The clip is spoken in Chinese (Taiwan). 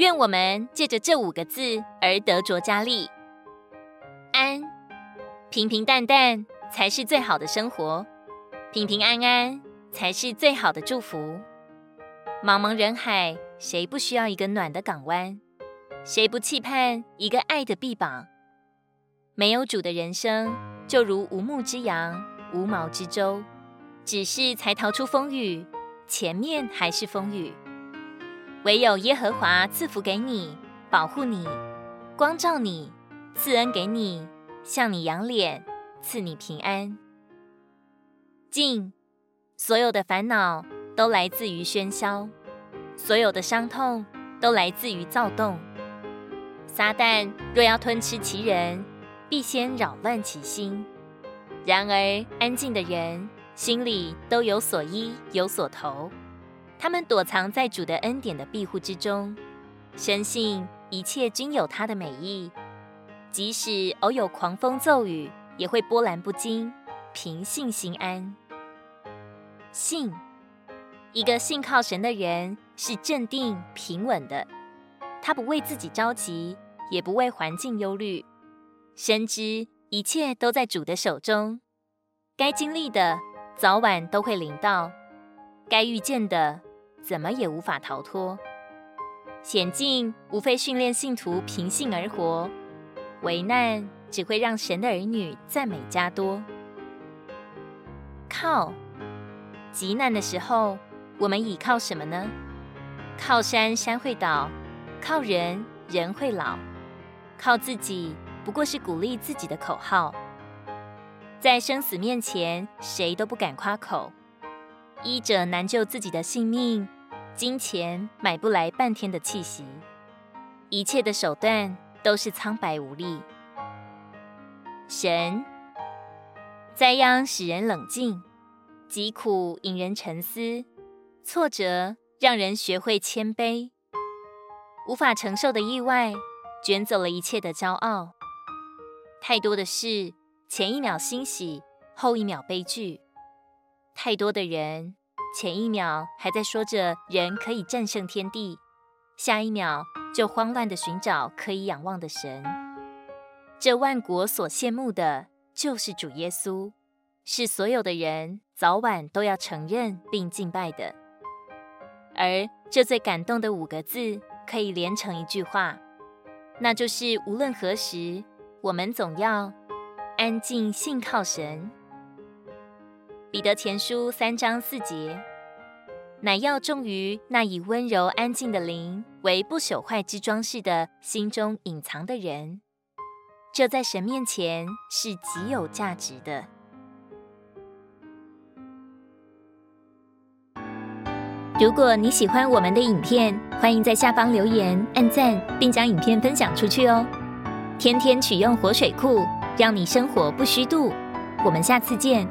願我們借着這五個字而得着加力。安，平平淡淡才是最好的生活，平平安安才是最好的祝福。茫茫人海，誰不需要一個暖的港灣？誰不期盼一個愛的臂膀？沒有主的人生，就如無牧之羊，無毛之舟。只是才逃出風雨，前面還是風雨。唯有耶和華賜福給你，保護你，光照你，賜恩給你，向你仰臉，賜你平安。靜，所有的煩惱都來自於喧囂，所有的傷痛都來自於躁動。撒旦若要吞吃其人，必先擾亂其心。然而安靜的人，心裡都有所依，有所投。他們躲藏在主的恩典的庇護之中，深信一切均有他的美意，即使偶有狂風驟雨，也會波瀾不驚，平靜心安。信一個信靠神的人是鎮定平穩的，他不為自己着急，也不為環境憂慮，深知一切都在主的手中，該經歷的早晚都會臨到，該遇見的。怎麼也無法逃脫險境，無非訓練信徒憑信而活，危難只會讓神的兒女讚美加多。靠！急難的時候，我們倚靠什麼呢？靠山，山會倒；靠人，人會老；靠自己，不過是鼓勵自己的口號。在生死面前，誰都不敢誇口。醫者難救自己的性命，金錢買不來半天的氣息，一切的手段都是蒼白無力。神，災殃使人冷靜，疾苦引人沉思，挫折讓人學會謙卑，無法承受的意外捲走了一切的驕傲。太多的事，前一秒欣喜，後一秒悲劇。太多的人，前一秒還在說着人可以戰勝天地，下一秒就慌亂地尋找可以仰望的神。這萬國所羨慕的就是主耶穌，是所有的人早晚都要承認並敬拜的。而這最感動的五個字可以連成一句話，那就是無論何時，我們總要安靜信靠神。彼得前書三章四節，乃要重於那以溫柔安靜的靈為不朽壞之裝飾的心中隱藏的人，這在神面前是極有價值的。如果你喜歡我們的影片，歡迎在下方留言、按讚，並將影片分享出去哦！天天取用活水庫，讓你生活不虛度。我們下次見。